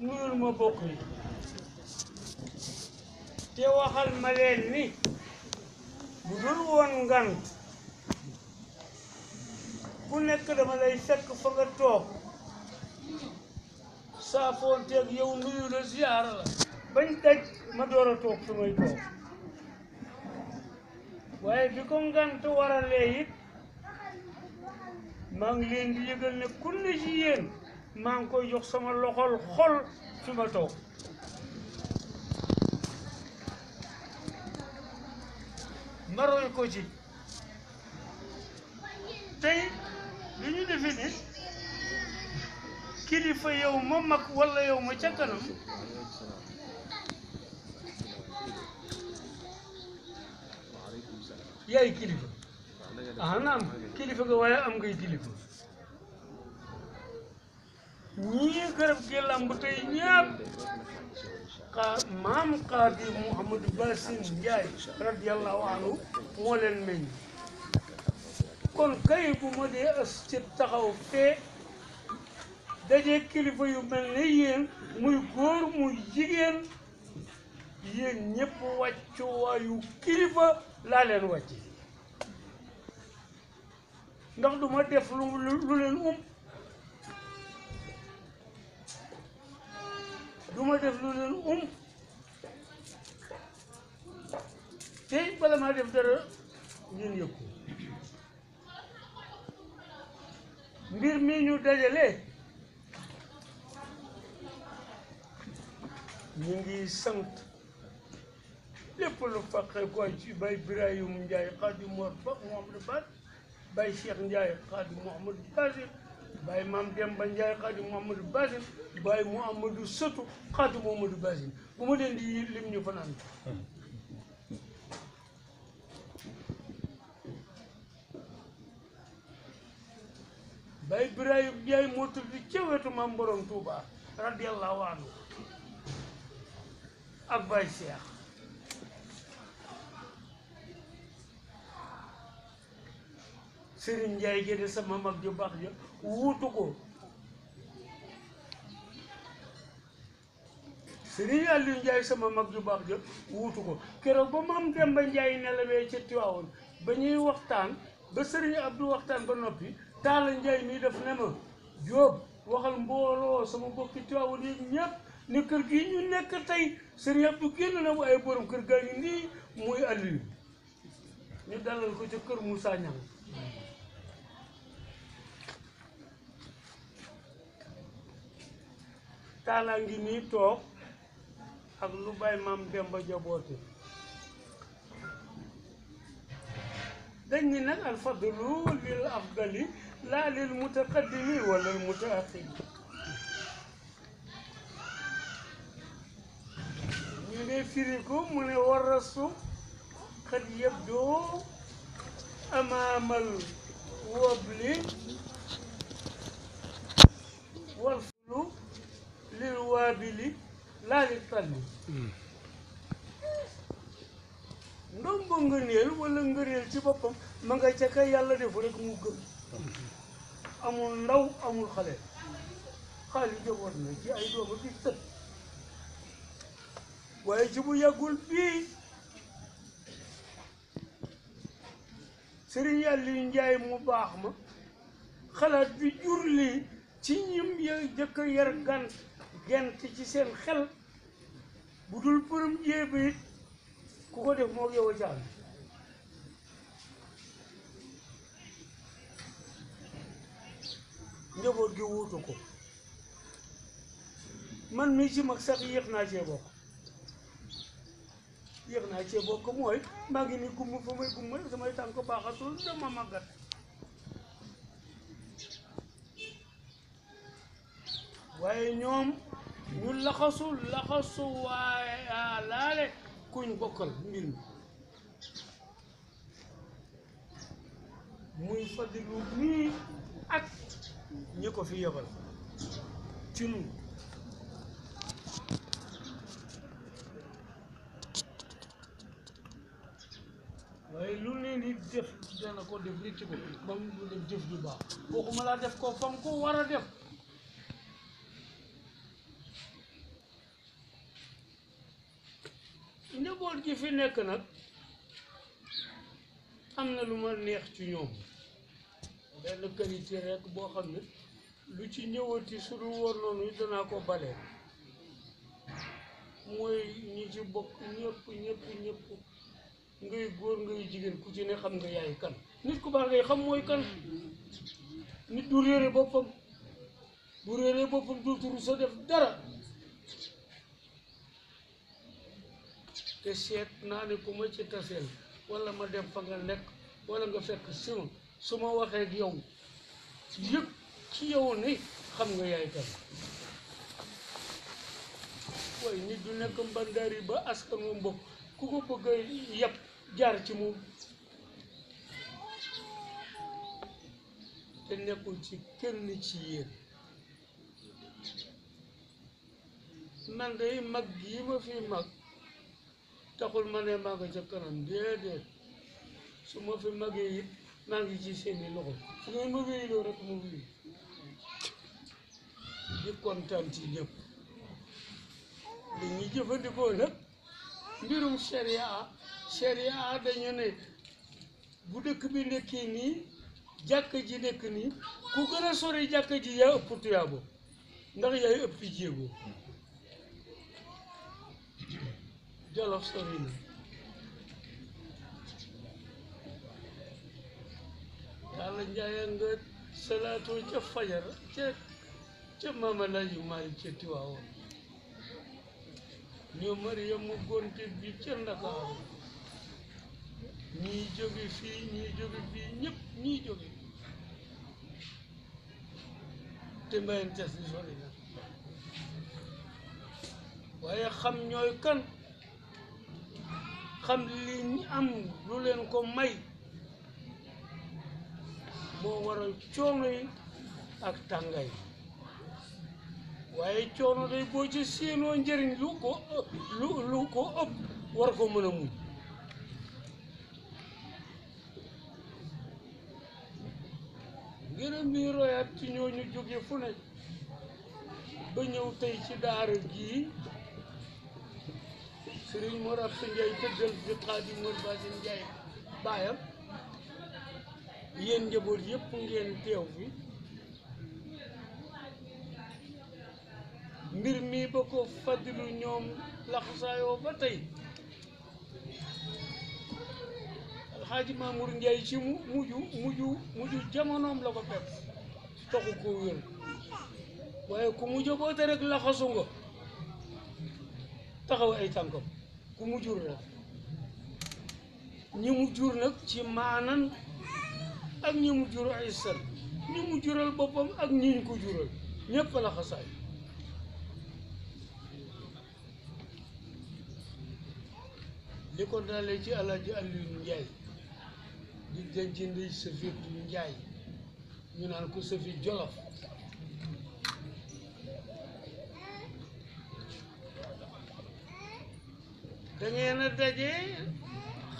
nuyul ma bokk yi te waxal ma leen ni bu dul woon ngant ku nekk dama lay fekk fa nga toog saafoonteeg yow nuyu la ziyaara la bañ daj ma door a toog su toog waaye bi ko ngant waralee it maa ngi leen di yëgal ne ku ne ci yéen maa ngi koy jox sama loxol xol fi ma toog ma roy ko ci tey li ñu defe kilifa yow ma mag walla yow ma ca kanam yaay kilifa ah naam kilifa nga waaye am ngay kilifa ñii garab gi lamb tey ñëpp ka maam qaadi mouhamadou basin jay radiallahu anhu moo leen meñ kon kay bu ma dee as ci taxaw fee daje kilifa yu mel ne yéen muy góor muy jigéen yéen ñëpp wàccuwaayu kilifa laa leen wàcce ndax duma def lu lu leen ump du ma def lu leen um te bala maa def dara ngeen yëg ko mbir mi ñu dajale ñu ngi sant lépp lu faqe ko ci bay Birayim Ndiaye Xaadim Mor Ba Mouhamadou Ba bay Cheikh Ndiaye Xaadim Mouhamadou Basir baay maam Demba Njaay xadim Mouhamadou Basine baay Mouhamadou Sëtu xadim Mouhamadou Basine bu ma len di lim ñu fanaan bay Ibrahim Njaay motul tudd ca wetu maam borom Touba radiyallahu anhu ak bay Cheikh serigne ndjay gene sama mag ju bax ja wutu ko serigne aliou ndjay sama mag ju bax ja wutu ko kero ba mam demba ndjay nelawé ci tiwawon bañuy waxtaan ba serigne abdou waxtaan ba nopi tala ndjay mi def nema job waxal mbolo sama bokki tiwawon yi ñep ne kër gi ñu nekk tay serigne abdou kenn na ay borom kër gañu ni muy aliou ñu dalal ko ci kër moussa ñang kaala ngi nii toog ak lu bay maam Demba jaboote dañ ni nag alfadlu lil afdali laa lil mutaqaddimi wala lil mutaaxiri ñu ne firi mu ne warasu xad yabdoo amaamal wobli wal laaj ak tànn ndom ba ngëneel wala ngëneel ci boppam ma nga ca kay yàlla def rek gëm amul ndaw amul xale xaalis jogoon na ci ay dooma bi sët waaye ci bu bii sëriñ yàlla njaay mu baax ma xalaat bi jur lii ci ñim jëkk yar gan gent ci seen xel bu dul përëm jéem it ku ko def moom yow a caabi gi wuutu ko man mii ci mag sax yéex naa cee bokk yéex naa cee bokk mooy maa ngi nii gumm fa may gumm samay tànk baaxatul dama màggat waaye ñoom bu laxasu laxasu waaye ah, laale kuñ bokkal mbir mi muy ak ñi ko fi yebal ci nun waaye lu ne nit def dana ko def nit ci ko ba mu def jëf ju baax waxuma laa def ko fam ko war def njaboot gi fi nekk nag am na lu ma neex ci ñoom benn qualité rekk boo xam ne lu ci ñëwati su dul woon noonu danaa ko bale mooy ñu ci bokk ñëpp ñëpp ñëpp ngay góor ngay jigéen ku ci ne xam nga yaay kan nit ku baax ngay xam mooy kan nit du réere boppam bu réere boppam dootu sa def dara te seet na ne ko ma ci tassel wala ma dem fa nga nek wala nga fekk suma suma ma ak yow yëpp ci yow ni xam nga yaay kan way ni du nek mbandari ba askan mo mbok ku ko bëgg a jaar ci moom te nekul ci kenn ci yéen man day mag yi ma fi mag taxul ma ne maa nga ca kanam déedéet su ma fi magee it maa ngi ci seeni loxo fu ngeen ma wéyloo rek ma wéy di kontaan ci ñëpp jëfandikoo nag mbirum sharia sharia dañu ne bu dëkk bi nekkee nii jàkk ji nekk nii ku gën a sore jàkk ji yaa ëpp tuyaabo ndax yaay ëpp jéego Jolof sori na yàlla njaaya nga salaatoo ca fajar ca ca maama yu maari ca Tiwaawoon ñoo Mariam mu gonte bi ca Ndakaaru ñii jóge fii ñii jóge fii ñëpp ñii jóge te mbayeen tes ni sori waaye xam ñooy kan xam li am lu leen ko may moo waral coono yi ak tàngaay waaye coono day boo ci séenoo njëriñ lu ko lu lu ko ëpp war ko mën a muñ ngërëm bi royaat ci ñooñu jóge fu ne ba ñëw tey ci daara jii sëriñ Mor Absa Ndiaye baayam yéen njaboot yëpp ngeen teew fi mbir mi ba ko faddilu ñoom laxasaayoo ba tey alxaaji Mamour Ndiaye ci mu mujj mujj mujj jamonoom la ko fekk taxu ko wér waaye ku mujj boote rek laxasu nga taxaw ay tànkam ku mu jur la ñi mu jur nag ci maanan ak ñi mu jur ay sën ñi mu jural boppam ak ñi ñu ko jural ñépp la xasaay li ko dalee ci Alaaji Aliou Njaay di denc ndey Safi Njaay ñu naan ko Safi Jolof da ngeen a daje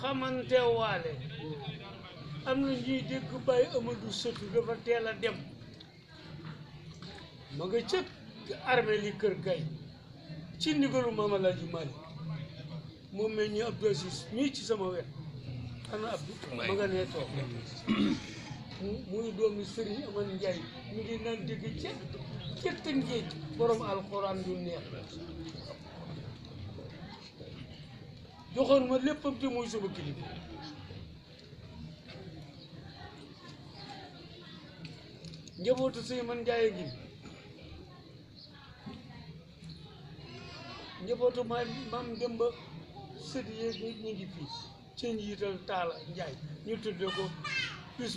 xamante waale am na ñuy dégg Baye Amadou Sëtu dafa teel a dem ma nga cëg armée li kër gay ci ndigalu Mame Alhaji Malick moom mel ñu Abdou Aziz ñii ci sama wet ana Abdou ma nga nee toog muy doomi Serigne Amane Ndiaye mi ngi naan dégg ca ca tëngeej borom alxuraan du neex joxoon ma léppam te mooy sama kilifa njabootu sëy man njaay a ngi njabootu ma maam Demba sëti yeeg ñi ngi fii seen yiital taala njaay ñu tudde ko bis